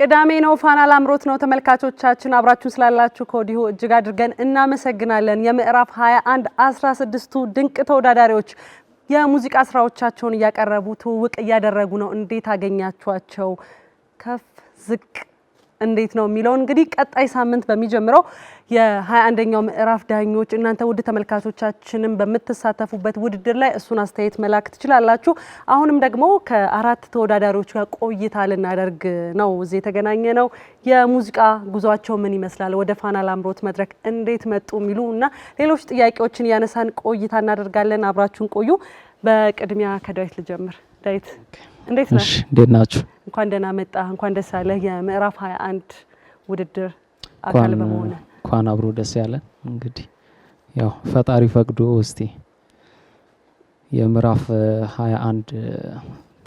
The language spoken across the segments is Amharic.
ቅዳሜ ነው። ፋና ላምሮት ነው። ተመልካቾቻችን አብራችሁን ስላላችሁ ከወዲሁ እጅግ አድርገን እናመሰግናለን። የምዕራፍ 21 16ቱ ድንቅ ተወዳዳሪዎች የሙዚቃ ስራዎቻቸውን እያቀረቡ ትውውቅ እያደረጉ ነው። እንዴት አገኛችኋቸው? ከፍ ዝቅ እንዴት ነው የሚለው እንግዲህ ቀጣይ ሳምንት በሚጀምረው የ21ኛው ምዕራፍ ዳኞች እናንተ ውድ ተመልካቾቻችንም በምትሳተፉበት ውድድር ላይ እሱን አስተያየት መላክ ትችላላችሁ። አሁንም ደግሞ ከአራት ተወዳዳሪዎች ጋር ቆይታ ልናደርግ ነው እዚህ የተገናኘ ነው። የሙዚቃ ጉዟቸው ምን ይመስላል፣ ወደ ፋና ላምሮት መድረክ እንዴት መጡ የሚሉ እና ሌሎች ጥያቄዎችን ያነሳን ቆይታ እናደርጋለን። አብራችሁን ቆዩ። በቅድሚያ ከዳዊት ልጀምር። ዳዊት እንዴት ነህ? እንዴት ናችሁ? እንኳን ደህና መጣ! እንኳን ደስ አለ የምዕራፍ 21 ውድድር አካል በመሆነ እንኳን አብሮ ደስ ያለን። እንግዲህ ያው ፈጣሪ ፈቅዶ እስቲ የምዕራፍ 21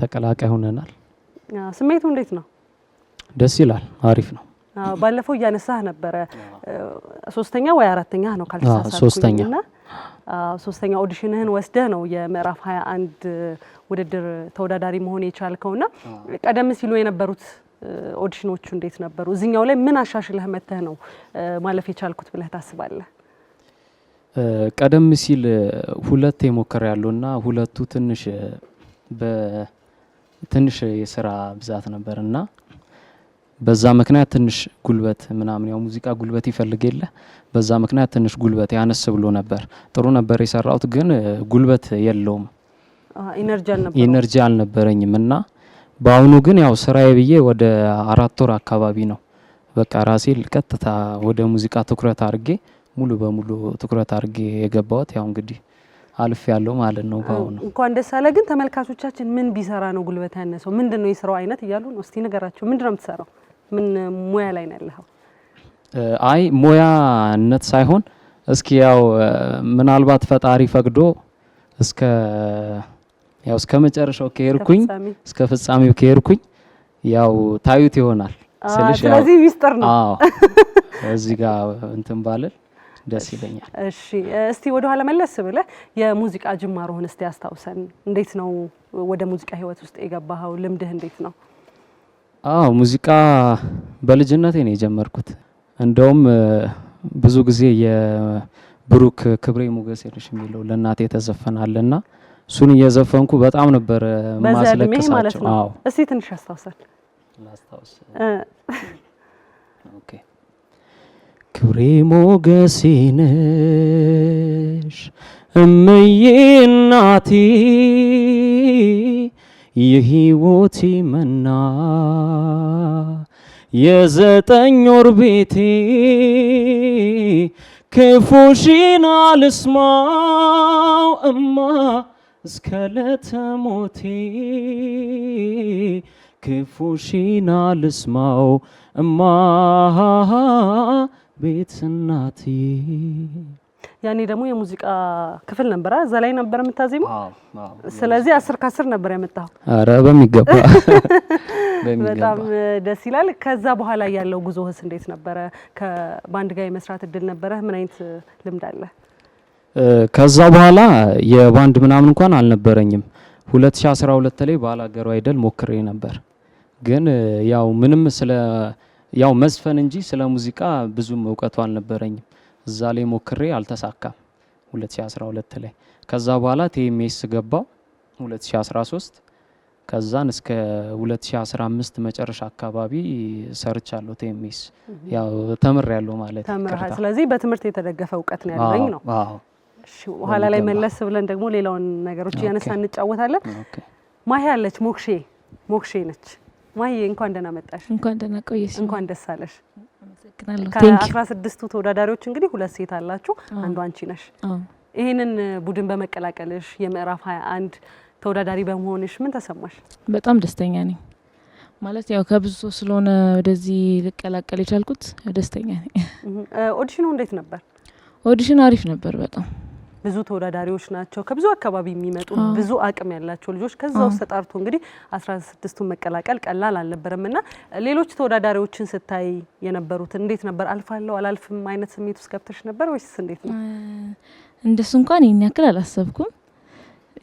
ተቀላቃይ ሆነናል። ስሜቱ እንዴት ነው? ደስ ይላል። አሪፍ ነው። ባለፈው እያነሳህ ነበረ ሶስተኛ ወይ አራተኛ ነው ካልተሳሳትኩኝና ሶስተኛ ኦዲሽንህን ወስደህ ነው የምዕራፍ 21 ውድድር ተወዳዳሪ መሆን የቻልከውና ቀደም ሲሉ የነበሩት ኦዲሽኖቹ እንዴት ነበሩ? እዚኛው ላይ ምን አሻሽለህ መተህ ነው ማለፍ የቻልኩት ብለህ ታስባለህ? ቀደም ሲል ሁለት የሞከር ያለውና ሁለቱ ትንሽ በትንሽ የስራ ብዛት ነበርና በዛ ምክንያት ትንሽ ጉልበት ምናምን ያው ሙዚቃ ጉልበት ይፈልግ የለ በዛ ምክንያት ትንሽ ጉልበት ያነስ ብሎ ነበር። ጥሩ ነበር የሰራሁት፣ ግን ጉልበት የለውም ኢነርጂ አልነበረኝም እና በአሁኑ ግን ያው ስራዬ ብዬ ወደ አራት ወር አካባቢ ነው በቃ ራሴ ቀጥታ ወደ ሙዚቃ ትኩረት አድርጌ ሙሉ በሙሉ ትኩረት አድርጌ የገባሁት ያው እንግዲህ አልፍ ያለው ማለት ነው። በአሁኑ እንኳን ደስ አለ። ግን ተመልካቾቻችን ምን ቢሰራ ነው ጉልበት ያነሰው? ምንድን ነው የስራው አይነት እያሉ ነው። እስቲ ንገራቸው። ምንድን ነው የምትሰራው? ምን ሙያ ላይ ነው ያለኸው? አይ ሙያነት ሳይሆን እስኪ ያው ምናልባት ፈጣሪ ፈቅዶ እስከ ያው እስከ መጨረሻው ከሄድኩኝ እስከ ፍጻሜው ከሄድኩኝ ያው ታዩት ይሆናል። ስለዚህ ሚስጥር ነው። እዚህ ጋር እንትን ባልል ደስ ይለኛል። እሺ እስቲ ወደ ኋላ መለስ ብለ የሙዚቃ ጅማሮህን እስቲ ያስታውሰን። እንዴት ነው ወደ ሙዚቃ ህይወት ውስጥ የገባኸው? ልምድህ እንዴት ነው? አዎ ሙዚቃ በልጅነቴ ነው የጀመርኩት። እንደውም ብዙ ጊዜ የብሩክ ክብሬ ሞገሴ ነሽ የሚለው ለእናቴ ተዘፈነ እና እሱን እየዘፈንኩ በጣም ነበር ማስለቅሳቸው። ማለት እስቲ ትንሽ አስታውሳል። ክብሬ ሞገሴ ነሽ እምዬ እናቴ የሕይወቴ መና የዘጠኝ ወር ቤቴ ክፉሽን አልስማው እማ እስከ ለተሞቴ ክፉሽን አልስማው እማ ቤት እናቴ ያኔ ደግሞ የሙዚቃ ክፍል ነበረ፣ እዛ ላይ ነበር የምታዜመው። ስለዚህ አስር ከአስር ነበር ያመጣው። ኧረ በሚገባ በጣም ደስ ይላል። ከዛ በኋላ ያለው ጉዞህስ እንዴት ነበረ? ከባንድ ጋር የመስራት እድል ነበረ? ምን አይነት ልምድ አለ? ከዛ በኋላ የባንድ ምናምን እንኳን አልነበረኝም። 2012 ላይ ባላገሩ አይደል ሞክሬ ነበር፣ ግን ያው ምንም ስለ ያው መዝፈን እንጂ ስለ ሙዚቃ ብዙም እውቀቱ አልነበረኝም። እዛ ላይ ሞክሬ አልተሳካም 2012 ላይ። ከዛ በኋላ ቲኤምኤስ ገባው 2013 ከዛን እስከ 2015 መጨረሻ አካባቢ ሰርች አለው ቲኤምኤስ ያው ተምር ያለው ማለት ተምር። ስለዚህ በትምህርት የተደገፈ እውቀት ነው ያለኝ ነው። በኋላ ላይ መለስ ብለን ደግሞ ሌላውን ነገሮች እያነሳ እንጫወታለን። ማሄ አለች ሞክሼ ሞክሼ ነች። ማሄ እንኳን ደህና መጣሽ። እንኳን ደህና ቆየሽ። እንኳን ደስ አለሽ። ከአስራ ስድስቱ ተወዳዳሪዎች እንግዲህ ሁለት ሴት አላችሁ፣ አንዱ አንቺ ነሽ። ይህንን ቡድን በመቀላቀልሽ የምዕራፍ ሀያ አንድ ተወዳዳሪ በመሆንሽ ምን ተሰማሽ? በጣም ደስተኛ ነኝ። ማለት ያው ከብዙ ሰው ስለሆነ ወደዚህ ልቀላቀል የቻልኩት ደስተኛ ነኝ። ኦዲሽኑ እንዴት ነበር? ኦዲሽን አሪፍ ነበር በጣም ብዙ ተወዳዳሪዎች ናቸው። ከብዙ አካባቢ የሚመጡ ብዙ አቅም ያላቸው ልጆች ከዛ ውስጥ ተጣርቶ እንግዲህ አስራ ስድስቱን መቀላቀል ቀላል አልነበረም እና ሌሎች ተወዳዳሪዎችን ስታይ የነበሩት እንዴት ነበር? አልፋለሁ አላልፍም አይነት ስሜት ውስጥ ገብተሽ ነበር ወይስ እንዴት ነው? እንደሱ እንኳን ይህን ያክል አላሰብኩም።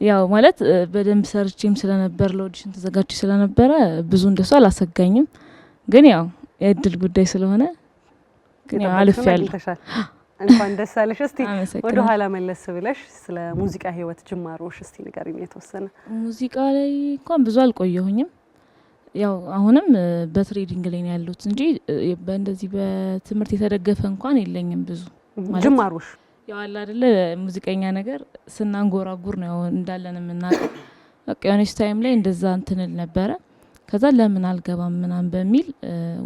ያው ማለት በደንብ ሰርቼም ስለነበር ለኦዲሽን ተዘጋጅ ስለነበረ ብዙ እንደሱ አላሰጋኝም። ግን ያው የእድል ጉዳይ ስለሆነ ግን ያው አልፍ ያለሁ እንኳን ደስ አለሽ። እስቲ ወደ ኋላ መለስ ብለሽ ስለ ሙዚቃ ህይወት ጅማሮሽ እስቲ ንገሪኝ የተወሰነ። ሙዚቃ ላይ እንኳን ብዙ አልቆየሁኝም። ያው አሁንም በትሬዲንግ ላይ ነው ያሉት እንጂ በእንደዚህ በትምህርት የተደገፈ እንኳን የለኝም። ብዙ ጅማሮሽ ያው አለ አይደለ ሙዚቀኛ ነገር ስናንጎራጉር ነው እንዳለን የምናውቀው። በቃ የሆነች ታይም ላይ እንደዛ እንትንል ነበረ። ከዛ ለምን አልገባም ምናምን በሚል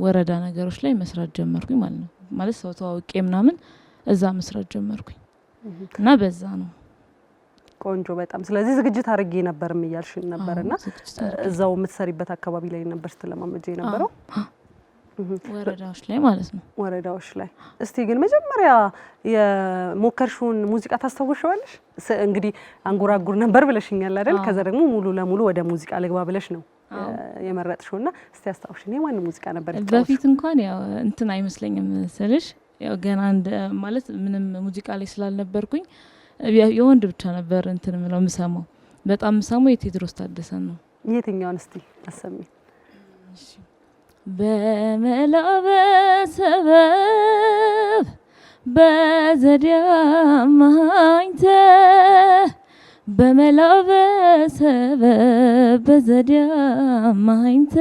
ወረዳ ነገሮች ላይ መስራት ጀመርኩኝ ማለት ነው። ማለት ሰው ተዋውቄ ምናምን እዛ መስራት ጀመርኩኝ እና በዛ ነው ቆንጆ በጣም ስለዚህ ዝግጅት አድርጌ ነበር እያልሽን ነበር እና እዛው የምትሰሪበት አካባቢ ላይ ነበር ስትለማመጀ የነበረው ወረዳዎች ላይ ማለት ነው ወረዳዎች ላይ እስቲ ግን መጀመሪያ የሞከርሽውን ሙዚቃ ታስታውሻለሽ እንግዲህ አንጎራጉር ነበር ብለሽኛል አይደል ከዛ ደግሞ ሙሉ ለሙሉ ወደ ሙዚቃ ልግባ ብለሽ ነው የመረጥሽው እና እስቲ አስታውሽኝ የማን ሙዚቃ ነበር በፊት እንኳን ያው እንትን አይመስለኝም ስልሽ ያው ገና እንደ ማለት ምንም ሙዚቃ ላይ ስላልነበርኩኝ የወንድ ብቻ ነበር እንትን ምለው ምሰማው በጣም ምሰማው የቴድሮስ ታደሰን ነው። የትኛውን እስቲ አሰሚ። በመላው በሰበብ በዘዲያማኝተ በመላው በሰበብ በዘዲያማኝተ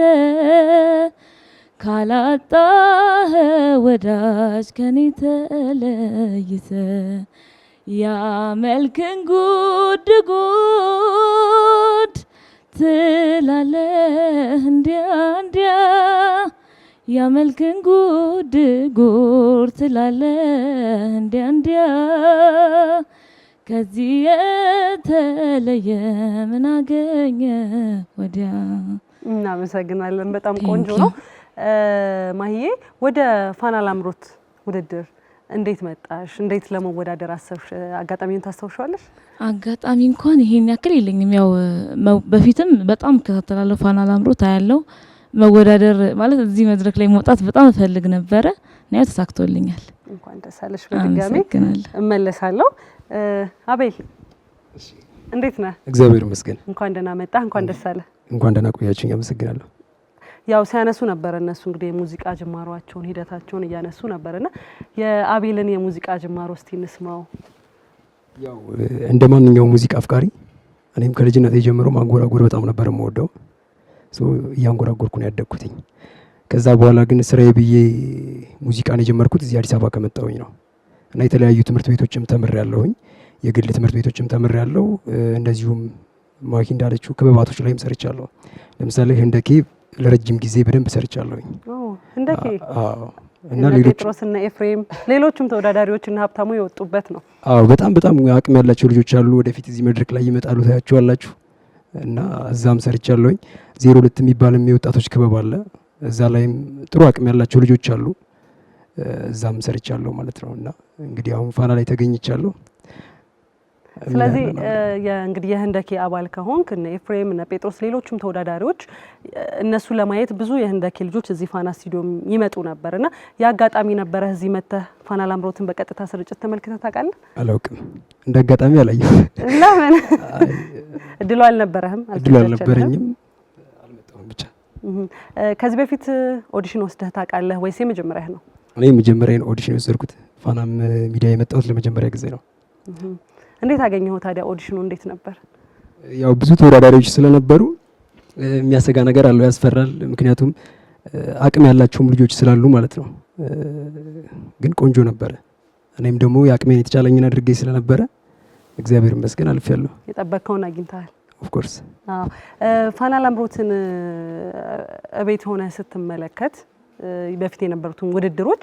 ካላጣህ ወዳጅ ከኔ ተለይተ ያመልክን ጉድ ጉድ ትላለህ እንዲያ እንዲያ ያመልክን ጉድ ጉድ ትላለህ እንዲያ እንዲያ ከዚህ የተለየ ምን አገኘ ወዲያ። እናመሰግናለን። በጣም ቆንጆ ነው። ማህዬ ወደ ፋና ላምሮት ውድድር እንዴት መጣሽ? እንዴት ለመወዳደር አሰብሽ? አጋጣሚውን ታስታውሻለሽ? አጋጣሚ እንኳን ይሄን ያክል የለኝም። ያው በፊትም በጣም እከታተላለሁ፣ ፋና ላምሮት አያለው። መወዳደር ማለት እዚህ መድረክ ላይ መውጣት በጣም እፈልግ ነበረ እና ያው ተሳክቶልኛል። እንኳን ደስ አለሽ። በድጋሚ እመለሳለሁ። አቤል እንዴት ነህ? እግዚአብሔር ይመስገን። እንኳን ደህና መጣህ። እንኳን ደስ አለ። እንኳን ደህና ቆያችሁኝ። አመሰግናለሁ። ያው ሲያነሱ ነበር እነሱ እንግዲህ የሙዚቃ ጅማሯቸውን ሂደታቸውን እያነሱ ነበርና የአቤልን የሙዚቃ ጅማሮ እስቲ እንስማው። ያው እንደ ማንኛውም ሙዚቃ አፍቃሪ እኔም ከልጅነት የጀምሮ ማንጎራጎር በጣም ነበር የምወደው። እያንጎራጎርኩ ነው ያደግኩትኝ። ከዛ በኋላ ግን ስራዬ ብዬ ሙዚቃን የጀመርኩት እዚህ አዲስ አበባ ከመጣሁኝ ነው እና የተለያዩ ትምህርት ቤቶችም ተምር ያለሁኝ የግል ትምህርት ቤቶችም ተምር ያለው እንደዚሁም ማኪ እንዳለችው ክበባቶች ላይም ሰርቻለሁ። ለምሳሌ ህንደኬ ለረጅም ጊዜ በደንብ ሰርቻለሁኝ እንደ እና ጴጥሮስ እና ኤፍሬም ሌሎችም ተወዳዳሪዎች እና ሀብታሙ የወጡበት ነው። አዎ በጣም በጣም አቅም ያላቸው ልጆች አሉ። ወደፊት እዚህ መድረክ ላይ ይመጣሉ፣ ታያችኋላችሁ። እና እዛም ሰርቻለሁኝ። ዜሮ ሁለት የሚባልም የወጣቶች ክበብ አለ። እዛ ላይም ጥሩ አቅም ያላቸው ልጆች አሉ። እዛም ሰርቻለሁ ማለት ነው። እና እንግዲህ አሁን ፋና ላይ ተገኝቻለሁ። ስለዚህ እንግዲህ የህንደኬ አባል ከሆንክ እነ ኤፍሬም እነ ጴጥሮስ ሌሎችም ተወዳዳሪዎች እነሱ ለማየት ብዙ የህንደኬ ልጆች እዚህ ፋና ስቱዲዮ ይመጡ ነበር እና የአጋጣሚ ነበረ እዚህ መጥተህ ፋና ላምሮትን በቀጥታ ስርጭት ተመልክተህ ታውቃለህ? አላውቅም። እንደ አጋጣሚ አላየሁም። ለምን እድሉ አልነበረህም? እድሉ አልነበረኝም። ብቻ። ከዚህ በፊት ኦዲሽን ወስደህ ታውቃለህ ወይስ የመጀመሪያህ ነው? እኔ የመጀመሪያን ኦዲሽን የወሰድኩት ፋናም ሚዲያ የመጣሁት ለመጀመሪያ ጊዜ ነው። እንዴት አገኘው ታዲያ? ኦዲሽኑ እንዴት ነበር? ያው ብዙ ተወዳዳሪዎች ስለነበሩ የሚያሰጋ ነገር አለው፣ ያስፈራል። ምክንያቱም አቅም ያላቸውም ልጆች ስላሉ ማለት ነው። ግን ቆንጆ ነበረ። እኔም ደግሞ የአቅሜን የተቻለኝን አድርጌ ስለነበረ እግዚአብሔር ይመስገን አልፌያለሁ። የጠበቅከውን አግኝተሃል። ኦፍኮርስ ፋና ላምሮትን እቤት ሆነ ስትመለከት በፊት የነበሩትን ውድድሮች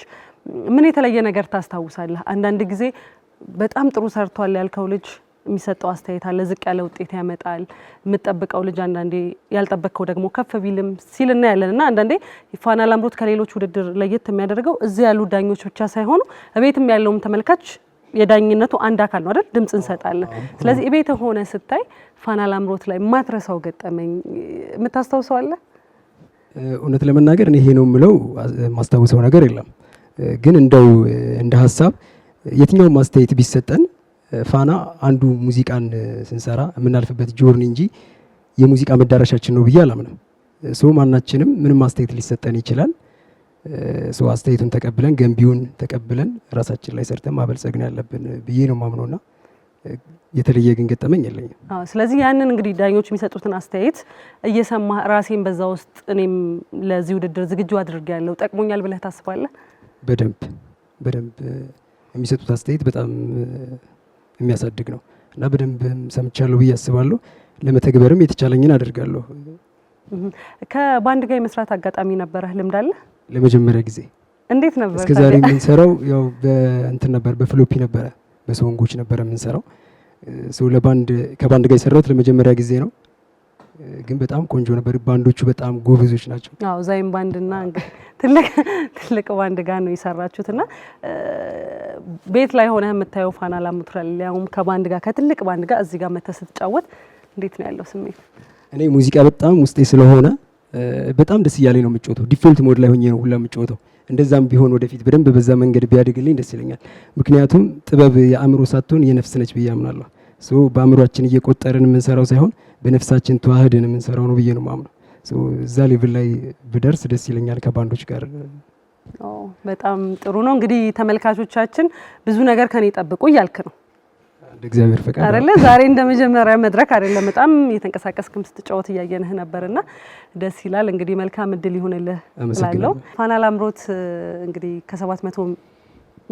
ምን የተለየ ነገር ታስታውሳለህ? አንዳንድ ጊዜ በጣም ጥሩ ሰርቷል ያልከው ልጅ የሚሰጠው አስተያየት አለ። ዝቅ ያለ ውጤት ያመጣል። የምጠብቀው ልጅ አንዳንዴ ያልጠበቅከው ደግሞ ከፍ ቢልም ሲል እናያለን እና አንዳንዴ ፋና ላምሮት ከሌሎች ውድድር ለየት የሚያደርገው እዚህ ያሉ ዳኞች ብቻ ሳይሆኑ እቤትም ያለውም ተመልካች የዳኝነቱ አንድ አካል ነው አይደል? ድምፅ እንሰጣለን። ስለዚህ እቤት ሆነ ስታይ ፋና ላምሮት ላይ ማትረሳው ገጠመኝ የምታስታውሰው አለ? እውነት ለመናገር እኔ ይሄ ነው የምለው ማስታውሰው ነገር የለም ግን እንደው እንደ ሀሳብ የትኛውም ማስተያየት ቢሰጠን ፋና አንዱ ሙዚቃን ስንሰራ የምናልፍበት ጆርን እንጂ የሙዚቃ መዳረሻችን ነው ብዬ አላምንም። ሰው ማናችንም ምንም አስተያየት ሊሰጠን ይችላል። ሰው አስተያየቱን ተቀብለን ገንቢውን ተቀብለን ራሳችን ላይ ሰርተን ማበልጸግን ያለብን ብዬ ነው ማምነውና የተለየ ግን ገጠመኝ የለኝም። ስለዚህ ያንን እንግዲህ ዳኞች የሚሰጡትን አስተያየት እየሰማ ራሴን በዛ ውስጥ እኔም ለዚህ ውድድር ዝግጁ አድርጌያለሁ ጠቅሞኛል ብለህ ታስባለህ? በደንብ በደንብ የሚሰጡት አስተያየት በጣም የሚያሳድግ ነው እና በደንብ ሰምቻለሁ ብዬ አስባለሁ። ለመተግበርም የተቻለኝን አደርጋለሁ። ከባንድ ጋር የመስራት አጋጣሚ ነበረ ልምድ አለ? ለመጀመሪያ ጊዜ እንዴት ነበር? እስከ ዛሬ የምንሰራው ያው በእንትን ነበር፣ በፍሎፒ ነበረ፣ በሰወንጎች ነበረ የምንሰራው። ሰው ለባንድ ከባንድ ጋር የሰራሁት ለመጀመሪያ ጊዜ ነው። ግን በጣም ቆንጆ ነበር። ባንዶቹ በጣም ጎበዞች ናቸው። አዎ ዛይም ባንድና ትልቅ ትልቅ ባንድ ጋር ነው የሰራችሁት እና ቤት ላይ ሆነ የምታየው ፋና ላሙትራል ሊያውም ከባንድ ጋር ከትልቅ ባንድ ጋር እዚህ ጋር መተህ ስትጫወት እንዴት ነው ያለው ስሜት? እኔ ሙዚቃ በጣም ውስጤ ስለሆነ በጣም ደስ እያለኝ ነው የምጫወተው። ዲፎልት ሞድ ላይ ሆኜ ነው ሁላ የምጫወተው። እንደዛም ቢሆን ወደፊት በደንብ በዛ መንገድ ቢያድግልኝ ደስ ይለኛል። ምክንያቱም ጥበብ የአእምሮ ሳትሆን የነፍስ ነች ብዬ አምናለሁ። በአእምሯችን እየቆጠርን የምንሰራው ሳይሆን በነፍሳችን ተዋህደን የምንሰራው ነው ብዬ ነው ማምነው። እዛ ሌቭል ላይ ብደርስ ደስ ይለኛል ከባንዶች ጋር። በጣም ጥሩ ነው እንግዲህ ተመልካቾቻችን ብዙ ነገር ከኔ ጠብቁ እያልክ ነው እንደ እግዚአብሔር ፈቃድ አይደለ? ዛሬ እንደ መጀመሪያ መድረክ አይደለም። በጣም የተንቀሳቀስክም ስትጫወት እያየንህ ነበርና ደስ ይላል። እንግዲህ መልካም እድል ይሁንልህ እላለሁ። ፋና ላምሮት እንግዲህ ከሰባት መቶ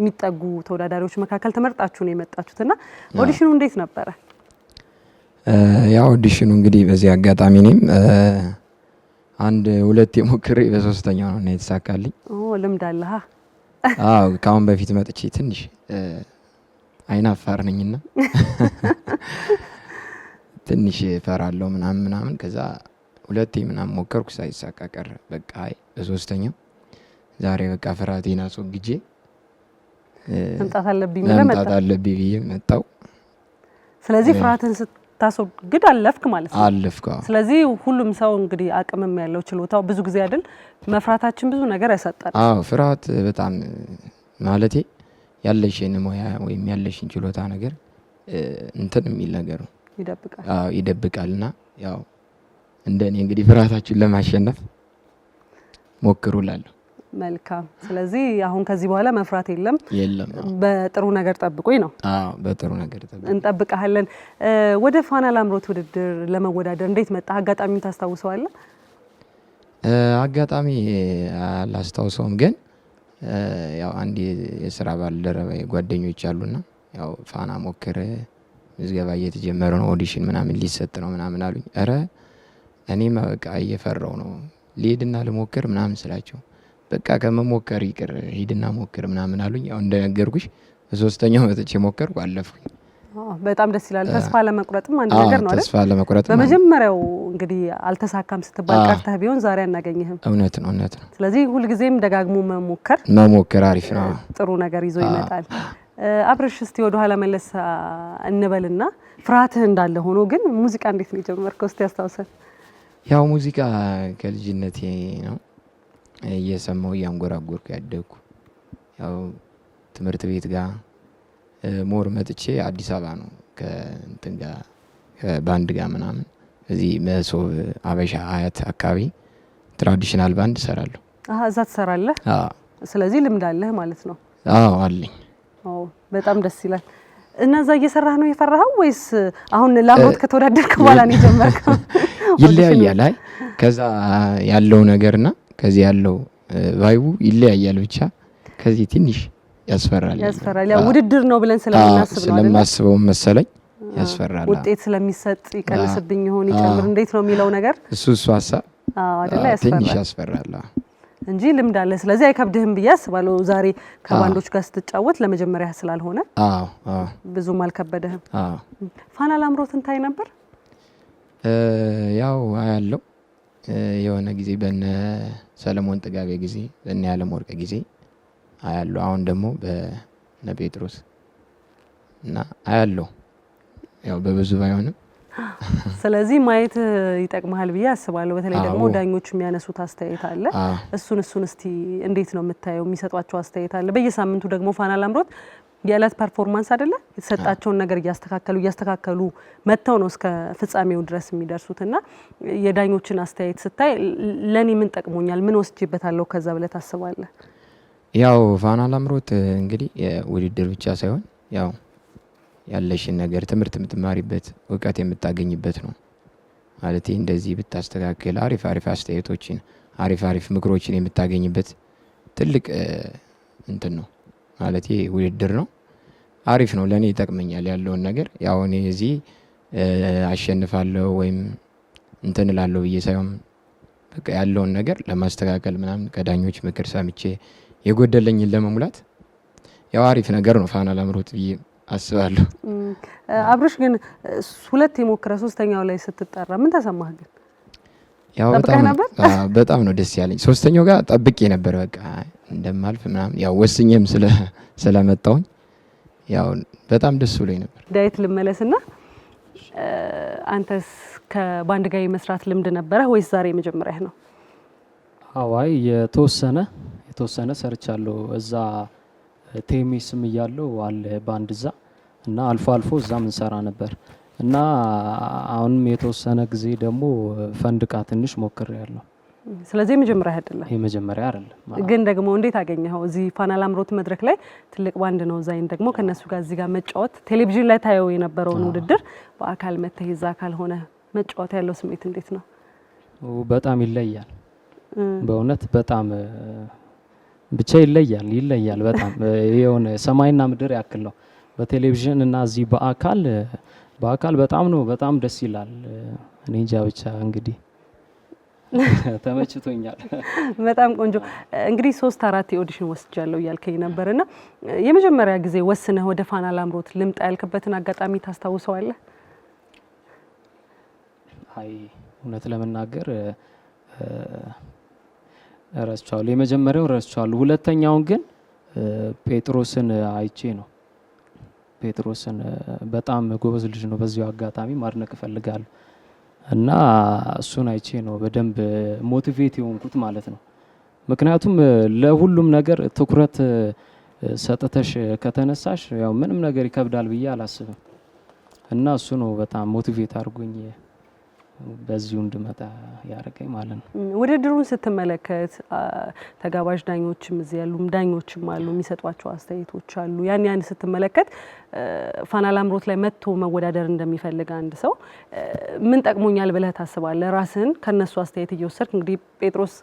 የሚጠጉ ተወዳዳሪዎች መካከል ተመርጣችሁ ነው የመጣችሁት እና ኦዲሽኑ እንዴት ነበረ? ያው ኦዲሽኑ እንግዲህ በዚህ አጋጣሚ እኔም አንድ ሁለት የሞክሬ በሶስተኛው ነው እና የተሳካልኝ። ልምድ አለህ? አዎ ከአሁን በፊት መጥቼ ትንሽ አፋር ነኝና ትንሽ እፈራለሁ ምናምን ምናምን ከዛ ሁለቴ ምናምን ሞከርኩ ሳይሳካ ቀረ። በቃ አይ በሶስተኛው ዛሬ በቃ ፍርሃቴን አስወግጄ መምጣት አለብኝ ብዬ መጣው። ስለዚህ ፍርሃትን ስታስወግድ አለፍክ ማለት ነው። አለፍክ። ስለዚህ ሁሉም ሰው እንግዲህ አቅምም ያለው ችሎታው ብዙ ጊዜ አይደል መፍራታችን ብዙ ነገር ያሳጣል። አዎ ፍርሃት በጣም ማለቴ ያለሽን ሙያ ወይም ያለሽን ችሎታ ነገር እንትን የሚል ነገር ነው ይደብቃል። እና ያው እንግዲህ ፍርሃታችን ለማሸነፍ ሞክሩላለሁ። መልካም። ስለዚህ አሁን ከዚህ በኋላ መፍራት የለም። የለም በጥሩ ነገር ጠብቁኝ ነው። አዎ በጥሩ ነገር ጠብቁኝ እንጠብቀሃለን። ወደ ፋና ላምሮት ውድድር ለመወዳደር እንዴት መጣ? አጋጣሚውን ታስታውሰዋለህ? አጋጣሚ አላስታውሰውም፣ ግን ያው አንድ የስራ ባልደረባ ጓደኞች አሉና ያው ፋና ሞክር፣ ምዝገባ እየተጀመረ ነው፣ ኦዲሽን ምናምን ሊሰጥ ነው ምናምን አሉኝ። ኧረ እኔማ በቃ እየፈራው ነው ሊሄድና ልሞክር ምናምን ስላቸው በቃ ከመሞከር ይቅር ሂድና ሞክር ምናምን አሉኝ። ያው እንደነገርኩሽ በሶስተኛው መጥቼ ሞከርኩ፣ አለፍኩኝ። በጣም ደስ ይላል። ተስፋ ለመቁረጥም አንድ ነገር ነው ተስፋ ለመቁረጥ በመጀመሪያው እንግዲህ አልተሳካም ስትባል ቀርተህ ቢሆን ዛሬ አናገኘህም። እውነት ነው፣ እውነት ነው። ስለዚህ ሁልጊዜም ደጋግሞ መሞከር መሞከር አሪፍ ነው። ጥሩ ነገር ይዞ ይመጣል። አብረሽ እስቲ ወደ ኋላ መለስ እንበልና ፍርሃትህ እንዳለ ሆኖ ግን ሙዚቃ እንዴት ነው የጀመርከው? እስቲ ያስታውሰን። ያው ሙዚቃ ከልጅነቴ ነው እየሰማው እያንጎራጎርኩ ያደግኩ ያው ትምህርት ቤት ጋር ሞር መጥቼ አዲስ አበባ ነው ከእንትን ጋር ባንድ ጋር ምናምን እዚህ መሶብ አበሻ አያት አካባቢ ትራዲሽናል ባንድ እሰራለሁ። እዛ ትሰራለህ? ስለዚህ ልምድ አለህ ማለት ነው? አዎ አለኝ። በጣም ደስ ይላል። እና እዛ እየሰራህ ነው የፈራኸው ወይስ አሁን ላሞት ከተወዳደርክ በኋላ ነው የጀመርከው? ይለያያል። አይ ከዛ ያለው ነገርና ከዚህ ያለው ቫይቡ ይለያያል። ብቻ ከዚህ ትንሽ ያስፈራል ያስፈራል። ያው ውድድር ነው ብለን ስለምናስብ ስለማስበው መሰለኝ ያስፈራል። ውጤት ስለሚሰጥ ይቀንስብኝ ይሆን ይጨምር እንዴት ነው የሚለው ነገር እሱ እሱ ሀሳብ ትንሽ ያስፈራል እንጂ ልምድ አለ። ስለዚህ አይከብድህም ብዬ አስባለሁ። ዛሬ ከባንዶች ጋር ስትጫወት ለመጀመሪያ ስላልሆነ ብዙም አልከበደህም። ፋና ላምሮትን እንታይ ነበር ያው አያለው የሆነ ጊዜ በነ ሰለሞን ጥጋቤ ጊዜ በነ ያለም ወርቅ ጊዜ አያለሁ። አሁን ደግሞ በነ ጴጥሮስ እና አያለሁ። ያው በብዙ ባይሆንም ስለዚህ ማየት ይጠቅመሃል ብዬ አስባለሁ። በተለይ ደግሞ ዳኞች የሚያነሱት አስተያየት አለ። እሱን እሱን እስቲ እንዴት ነው የምታየው? የሚሰጧቸው አስተያየት አለ። በየሳምንቱ ደግሞ ፋና ላምሮት የዕለት ፐርፎርማንስ አይደለ የተሰጣቸውን ነገር እያስተካከሉ እያስተካከሉ መጥተው ነው እስከ ፍጻሜው ድረስ የሚደርሱት እና የዳኞችን አስተያየት ስታይ ለእኔ ምን ጠቅሞኛል፣ ምን ወስጄበታለሁ ከዛ ብለህ ታስባለህ? ያው ፋና ላምሮት እንግዲህ ውድድር ብቻ ሳይሆን ያው ያለሽን ነገር ትምህርት የምትማሪበት እውቀት የምታገኝበት ነው ማለት እንደዚህ ብታስተካክል አሪፍ አሪፍ አስተያየቶችን አሪፍ አሪፍ ምክሮችን የምታገኝበት ትልቅ እንትን ነው ማለት ውድድር ነው። አሪፍ ነው፣ ለእኔ ይጠቅመኛል ያለውን ነገር ያው እኔ እዚህ አሸንፋለሁ ወይም እንትን እላለሁ ብዬ ሳይሆን በቃ ያለውን ነገር ለማስተካከል ምናምን ከዳኞች ምክር ሰምቼ የጎደለኝን ለመሙላት ያው አሪፍ ነገር ነው ፋና ላምሮት ብዬ አስባለሁ። አብሮሽ ግን ሁለት የሞክረ ሶስተኛው ላይ ስትጠራ ምን ተሰማህ ግን? ያው በጣም ነው ደስ ያለኝ። ሶስተኛው ጋር ጠብቄ ነበር በቃ እንደማልፍ ምናምን ያው ወስኜም ስለመጣውኝ ያው በጣም ደስ ብሎኝ ነበር። ዳዊት ልመለስና አንተስ ከባንድ ጋር የመስራት ልምድ ነበረ ወይስ ዛሬ የመጀመሪያ ነው? አዋይ የተወሰነ የተወሰነ ሰርቻለሁ። እዛ ቴሜስም እያለሁ አለ ባንድ እዛ እና አልፎ አልፎ እዛም እንሰራ ነበር እና አሁንም የተወሰነ ጊዜ ደግሞ ፈንድቃ ትንሽ ሞክሬያለሁ። ስለዚህ የመጀመሪያ አይደለም፣ የመጀመሪያ አይደለም። ግን ደግሞ እንዴት አገኘኸው? እዚህ ፋና ላምሮት መድረክ ላይ ትልቅ ባንድ ነው፣ ዛይን ደግሞ ከእነሱ ጋር እዚህ ጋር መጫወት፣ ቴሌቪዥን ላይ ታየው የነበረውን ውድድር በአካል መተህ እዛ ካልሆነ መጫወት ያለው ስሜት እንዴት ነው? በጣም ይለያል። በእውነት በጣም ብቻ ይለያል፣ ይለያል በጣም የሆነ ሰማይና ምድር ያክል ነው። በቴሌቪዥን እና እዚህ በአካል በአካል በጣም ነው በጣም ደስ ይላል። እኔ እንጃ ብቻ እንግዲህ ተመችቶኛል። በጣም ቆንጆ እንግዲህ ሶስት አራት የኦዲሽን ወስጃለሁ እያልከኝ ነበር እና የመጀመሪያ ጊዜ ወስነህ ወደ ፋና ላምሮት ልምጣ ያልክበትን አጋጣሚ ታስታውሰዋለህ? አይ እውነት ለመናገር ረስቸዋለሁ። የመጀመሪያው ረስቸዋለሁ። ሁለተኛውን ግን ጴጥሮስን አይቼ ነው ጴጥሮስን በጣም ጎበዝ ልጅ ነው፣ በዚሁ አጋጣሚ ማድነቅ እፈልጋለሁ እና እሱን አይቼ ነው በደንብ ሞቲቬት የሆንኩት ማለት ነው። ምክንያቱም ለሁሉም ነገር ትኩረት ሰጥተሽ ከተነሳሽ ያው ምንም ነገር ይከብዳል ብዬ አላስብም እና እሱ ነው በጣም ሞቲቬት አድርጎኝ በዚሁ እንድመጣ ያደረገኝ ማለት ነው። ውድድሩን ስትመለከት ተጋባዥ ዳኞችም እዚህ ያሉም ዳኞችም አሉ፣ የሚሰጧቸው አስተያየቶች አሉ። ያን ያን ስትመለከት ፋና ላምሮት ላይ መጥቶ መወዳደር እንደሚፈልግ አንድ ሰው ምን ጠቅሞኛል ብለህ ታስባለህ? ራስህን ከነሱ አስተያየት እየወሰድክ እንግዲህ ጴጥሮስ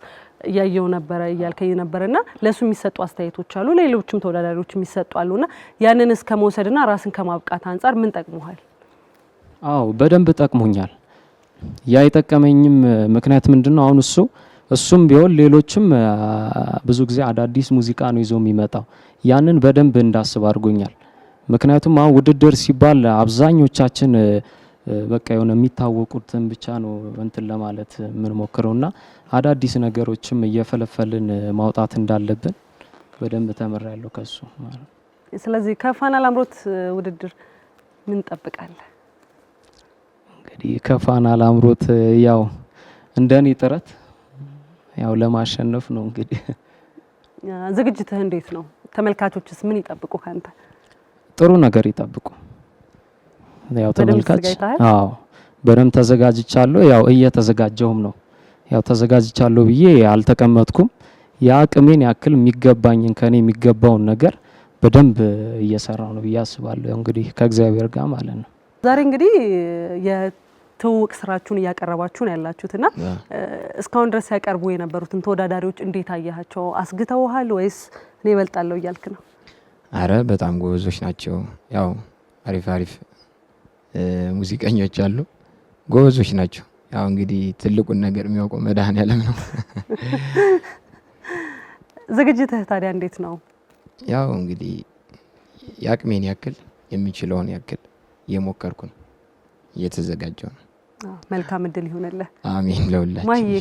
እያየው ነበረ እያልከኝ ነበረና ለእሱ የሚሰጡ አስተያየቶች አሉ፣ ሌሎችም ተወዳዳሪዎች የሚሰጡ አሉና ያንን እስከ መውሰድና ራስን ከማብቃት አንጻር ምን ጠቅሞሃል? አዎ በደንብ ጠቅሞኛል። ያ የጠቀመኝም ምክንያት ምንድን ነው? አሁን እሱ እሱም ቢሆን ሌሎችም ብዙ ጊዜ አዳዲስ ሙዚቃ ነው ይዞ የሚመጣው ያንን በደንብ እንዳስብ አድርጎኛል። ምክንያቱም አሁን ውድድር ሲባል አብዛኞቻችን በቃ የሆነ የሚታወቁትን ብቻ ነው እንትን ለማለት የምንሞክረው እና አዳዲስ ነገሮችም እየፈለፈልን ማውጣት እንዳለብን በደንብ ተምሬያለሁ ከሱ። ስለዚህ ከፋና ላምሮት ውድድር ምን እንጠብቃለን? እንግዲህ ከፋና ላምሮት ያው እንደኔ ጥረት ያው ለማሸነፍ ነው። እንግዲህ ዝግጅትህ እንዴት ነው? ተመልካቾችስ ምን ይጠብቁ ከአንተ? ጥሩ ነገር ይጠብቁ። ያው ተመልካች አዎ በደንብ ተዘጋጅቻለሁ። ያው እየተዘጋጀሁም ነው። ያው ተዘጋጅቻለሁ ብዬ አልተቀመጥኩም። የአቅሜን ያክል የሚገባኝን ከኔ የሚገባውን ነገር በደንብ እየሰራው ነው ብዬ አስባለሁ። እንግዲህ ከእግዚአብሔር ጋር ማለት ነው። ዛሬ እንግዲህ የትውውቅ ስራችሁን እያቀረባችሁ ነው ያላችሁት እና እስካሁን ድረስ ያቀርቡ የነበሩትን ተወዳዳሪዎች እንዴት አያቸው? አስግተውሃል ወይስ እኔ እበልጣለሁ እያልክ ነው? አረ በጣም ጎበዞች ናቸው። ያው አሪፍ አሪፍ ሙዚቀኞች አሉ፣ ጎበዞች ናቸው። ያው እንግዲህ ትልቁን ነገር የሚያውቀው መድኃኔዓለም ነው። ዝግጅትህ ታዲያ እንዴት ነው? ያው እንግዲህ የአቅሜን ያክል የሚችለውን ያክል እየሞከርኩ ነው፣ እየተዘጋጀው ነው። መልካም እድል ይሆንልህ። አሜን። ለሁላችን ማየ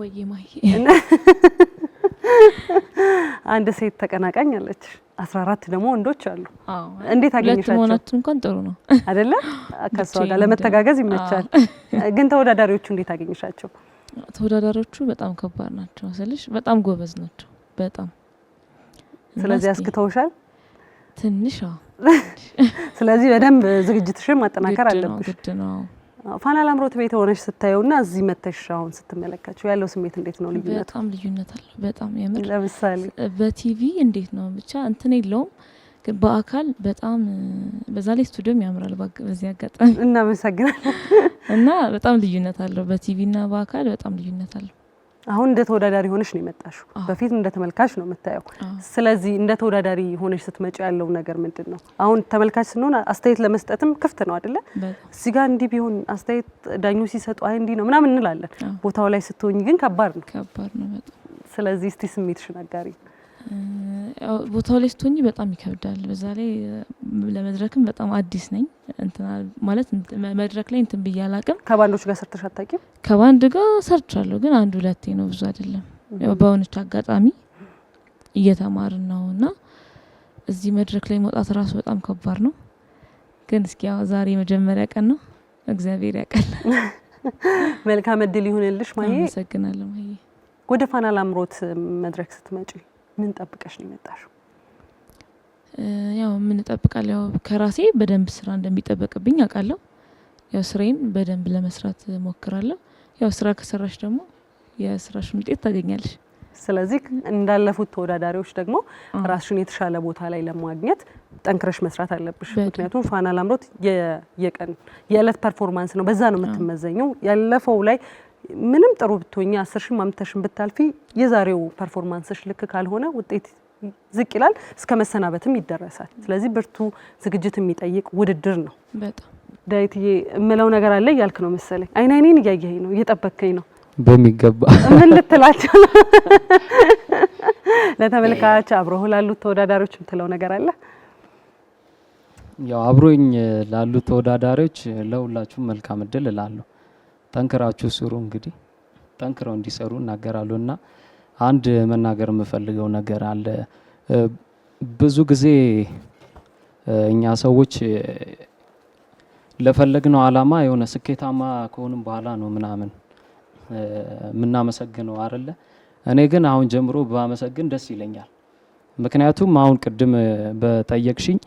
ወየ ማየ አንድ ሴት ተቀናቃኝ አለች፣ አስራ አራት ደግሞ ወንዶች አሉ። እንዴት አገኘሻቸው? መሆናችን እንኳን ጥሩ ነው አይደለ? ከሷ ጋር ለመተጋገዝ ይመቻል። ግን ተወዳዳሪዎቹ እንዴት አገኘሻቸው? ተወዳዳሪዎቹ በጣም ከባድ ናቸው ስልሽ፣ በጣም ጎበዝ ናቸው በጣም ስለዚህ አስክተውሻል። ትንሽ ስለዚህ በደንብ ዝግጅትሽን ማጠናከር አለብሽ። ፋና ላምሮት ቤት ሆነሽ ስታየው እና እዚህ መተሽ አሁን ስትመለከችው ያለው ስሜት እንዴት ነው? ልዩነቱ በጣም ልዩነት አለ። በጣም የምር ለምሳሌ በቲቪ እንዴት ነው ብቻ እንትን የለውም ግን በአካል በጣም በዛ ላይ ስቱዲዮም ያምራል። በዚህ አጋጣሚ እናመሰግናለን። እና በጣም ልዩነት አለው በቲቪ እና በአካል በጣም ልዩነት አለው። አሁን እንደ ተወዳዳሪ ሆነሽ ነው የመጣሽው። በፊት እንደ ተመልካች ነው የምታየው። ስለዚህ እንደ ተወዳዳሪ ሆነሽ ስትመጪ ያለው ነገር ምንድን ነው? አሁን ተመልካች ስንሆን አስተያየት ለመስጠትም ክፍት ነው አይደለ? እዚህ ጋር እንዲህ ቢሆን አስተያየት ዳኙ ሲሰጡ አይ እንዲህ ነው ምናምን እንላለን። ቦታው ላይ ስትሆኝ ግን ከባድ ነው። ስለዚህ እስቲ ስሜትሽን አጋሪ ቦታው ላይ ስትሆኝ በጣም ይከብዳል። በዛ ላይ ለመድረክም በጣም አዲስ ነኝ እንትና ማለት መድረክ ላይ እንትን ብዬ አላቅም። ከባንዶች ጋር ሰርተሽ አታውቂም? ከባንድ ጋር ሰርቻለሁ፣ ግን አንድ ሁለቴ ነው፣ ብዙ አይደለም። በሆነች አጋጣሚ እየተማርን ነው እና እዚህ መድረክ ላይ መውጣት ራሱ በጣም ከባድ ነው። ግን እስኪ ያው ዛሬ የመጀመሪያ ቀን ነው፣ እግዚአብሔር ያውቃል። መልካም እድል ይሁንልሽ ማየ። አመሰግናለሁ ማየ። ወደ ፋና ላምሮት መድረክ ስትመጪ ምን ጠብቀሽ ነው የመጣሽው? ያው ምን ያው ከራሴ በደንብ ስራ እንደሚጠበቅብኝ አውቃለሁ። ያው ስራዬን በደንብ ለመስራት ሞክራለሁ። ያው ስራ ከሰራሽ ደግሞ የስራሽን ውጤት ታገኛለሽ። ስለዚህ እንዳለፉት ተወዳዳሪዎች ደግሞ ራስሽን የተሻለ ቦታ ላይ ለማግኘት ጠንክረሽ መስራት አለብሽ። ምክንያቱም ፋና ላምሮት የቀን የእለት ፐርፎርማንስ ነው፣ በዛ ነው የምትመዘኘው። ያለፈው ላይ ምንም ጥሩ ብትሆኛ አስር ሺ ማምተሽን ብታልፊ የዛሬው ፐርፎርማንስሽ ልክ ካልሆነ ውጤት ዝቅ ይላል፣ እስከ መሰናበትም ይደረሳል። ስለዚህ ብርቱ ዝግጅት የሚጠይቅ ውድድር ነው። በጣም ዳዊትዬ እምለው ነገር አለ እያልክ ነው መሰለኝ። አይን አይኔን እያየኸኝ ነው፣ እየጠበቅከኝ ነው በሚገባ ምን ልትላቸው ነው? ለተመልካች አብሮህ ላሉት ተወዳዳሪዎች የምትለው ነገር አለ? ያው አብሮኝ ላሉት ተወዳዳሪዎች ለሁላችሁም መልካም እድል እላለሁ። ጠንክራችሁ ስሩ። እንግዲህ ጠንክረው እንዲሰሩ እናገራሉ እና አንድ መናገር የምፈልገው ነገር አለ። ብዙ ጊዜ እኛ ሰዎች ለፈለግነው አላማ የሆነ ስኬታማ ከሆንም በኋላ ነው ምናምን የምናመሰግነው አይደለ? እኔ ግን አሁን ጀምሮ ባመሰግን ደስ ይለኛል። ምክንያቱም አሁን ቅድም በጠየቅሽኝ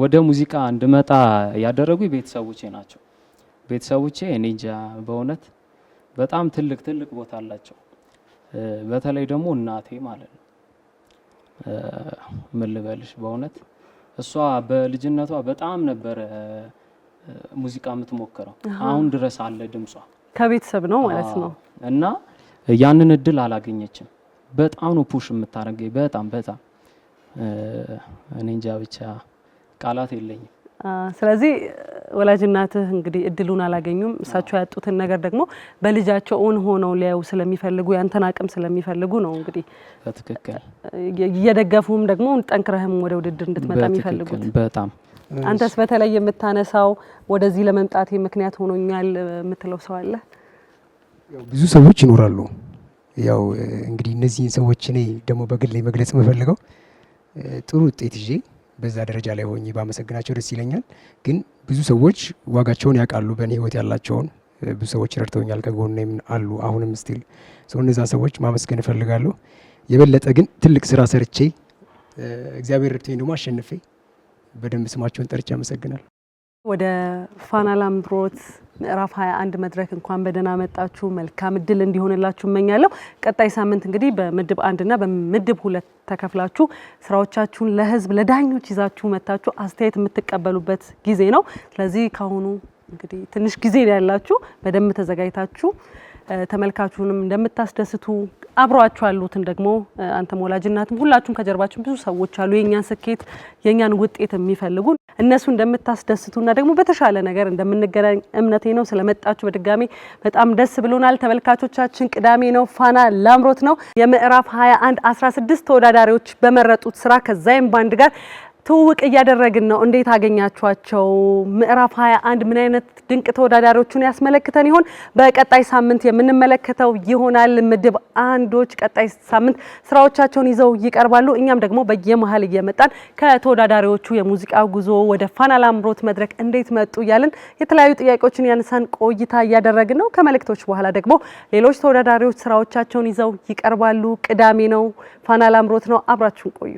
ወደ ሙዚቃ እንድመጣ ያደረጉ ቤተሰቦቼ ናቸው። ቤተሰቦቼ እኔ እንጃ በእውነት በጣም ትልቅ ትልቅ ቦታ አላቸው። በተለይ ደግሞ እናቴ ማለት ነው። ምን ልበልሽ በእውነት እሷ በልጅነቷ በጣም ነበረ ሙዚቃ የምትሞክረው። አሁን ድረስ አለ ድምጿ ከቤተሰብ ነው ማለት ነው። እና ያንን እድል አላገኘችም። በጣም ነው ፑሽ የምታደርገኝ በጣም በጣም እኔ እንጃ ብቻ ቃላት የለኝም። ስለዚህ ወላጅናትህ እንግዲህ እድሉን አላገኙም። እሳቸው ያጡትን ነገር ደግሞ በልጃቸው ኦን ሆነው ሊያዩ ስለሚፈልጉ ያንተን አቅም ስለሚፈልጉ ነው እንግዲህ በትክክል እየደገፉም ደግሞ ጠንክረህም ወደ ውድድር እንድትመጣ የሚፈልጉት በጣም አንተስ በተለይ የምታነሳው ወደዚህ ለመምጣት ምክንያት ሆኖኛል የምትለው ሰው አለ? ብዙ ሰዎች ይኖራሉ። ያው እንግዲህ እነዚህን ሰዎች እኔ ደግሞ በግል መግለጽ የምፈልገው ጥሩ ውጤት ይዤ በዛ ደረጃ ላይ ሆኜ ባመሰግናቸው ደስ ይለኛል። ግን ብዙ ሰዎች ዋጋቸውን ያውቃሉ፣ በእኔ ህይወት ያላቸውን ብዙ ሰዎች ረድተውኛል፣ ከጎኔም አሉ አሁንም ስቲል ሰው እነዛ ሰዎች ማመስገን እፈልጋለሁ። የበለጠ ግን ትልቅ ስራ ሰርቼ እግዚአብሔር ረድቶኝ ደግሞ አሸንፌ በደንብ ስማቸውን ጠርቼ አመሰግናለሁ። ወደ ፋና ላምሮት ምዕራፍ 21 መድረክ እንኳን በደህና መጣችሁ። መልካም እድል እንዲሆንላችሁ እመኛለሁ። ቀጣይ ሳምንት እንግዲህ በምድብ አንድና በምድብ ሁለት ተከፍላችሁ ስራዎቻችሁን ለህዝብ ለዳኞች ይዛችሁ መታችሁ አስተያየት የምትቀበሉበት ጊዜ ነው። ስለዚህ ካሁኑ እንግዲህ ትንሽ ጊዜ ያላችሁ በደንብ ተዘጋጅታችሁ ተመልካቹንም እንደምታስደስቱ አብሯችሁ ያሉትን ደግሞ አንተም ወላጅናትም ሁላችሁም ከጀርባችን ብዙ ሰዎች አሉ የእኛን ስኬት የእኛን ውጤት የሚፈልጉ እነሱ እንደምታስደስቱና ደግሞ በተሻለ ነገር እንደምንገናኝ እምነቴ ነው። ስለመጣችሁ በድጋሚ በጣም ደስ ብሎናል። ተመልካቾቻችን ቅዳሜ ነው፣ ፋና ላምሮት ነው። የምዕራፍ 21 16 ተወዳዳሪዎች በመረጡት ስራ ከዛይም ባንድ ጋር ትውውቅ እያደረግን ነው። እንዴት አገኛችኋቸው? ምዕራፍ 21 ምን አይነት ድንቅ ተወዳዳሪዎቹን ያስመለክተን ይሆን? በቀጣይ ሳምንት የምንመለከተው ይሆናል። ምድብ አንዶች ቀጣይ ሳምንት ስራዎቻቸውን ይዘው ይቀርባሉ። እኛም ደግሞ በየመሀል እየመጣን ከተወዳዳሪዎቹ የሙዚቃ ጉዞ ወደ ፋና ላምሮት መድረክ እንዴት መጡ እያልን የተለያዩ ጥያቄዎችን ያነሳን ቆይታ እያደረግን ነው። ከመልእክቶች በኋላ ደግሞ ሌሎች ተወዳዳሪዎች ስራዎቻቸውን ይዘው ይቀርባሉ። ቅዳሜ ነው፣ ፋና ላምሮት ነው። አብራችሁን ቆዩ።